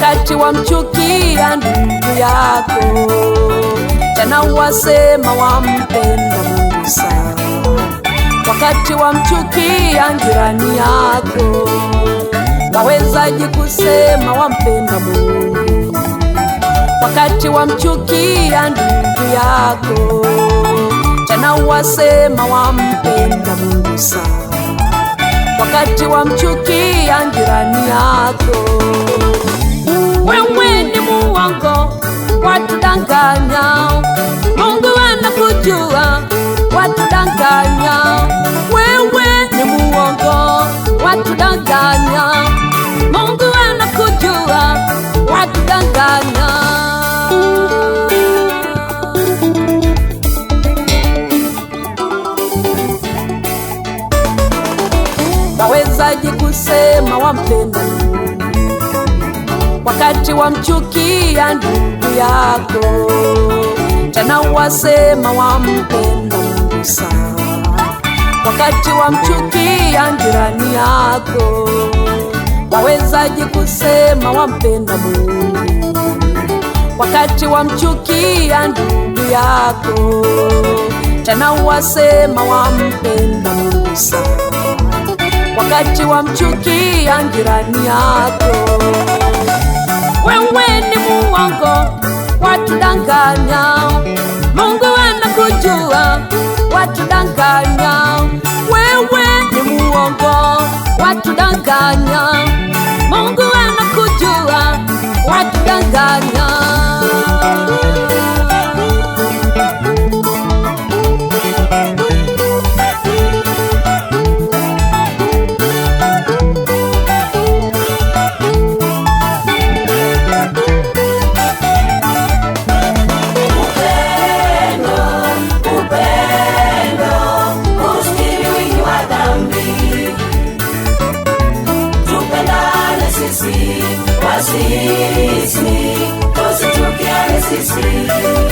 wakati wa wamchukia ndugu yako, tena uwasema wampenda Mungu sana, wakati wa wamchukia jirani yako, wawezaje kusema wampenda Mungu wakati wa wamchukia ndugu yako, tena uwasema wampenda Mungu sana wakati wa wamchukia jirani yako wewe ni muongo, watudanganya. Mungu anakujua, watudanganya. Wewe ni muongo, watudanganya. Mungu anakujua, watudanganya. Wawezaje kusema wampenda wakati wa wamchukia ndugu yako, tena wasema wampenda Mungu sana. wakati wa wamchukia jirani yako, wawezaji kusema wampenda Mungu wakati wa wamchukia ndugu yako, tena wasema wampenda Mungu sana. wakati wa wamchukia jirani yako wewene muwongo watudanganya mungu wana kujua watudanganya wewe ni muwongo watudanganya mungu wana kujua watudanganya sisi, tusitokea sisi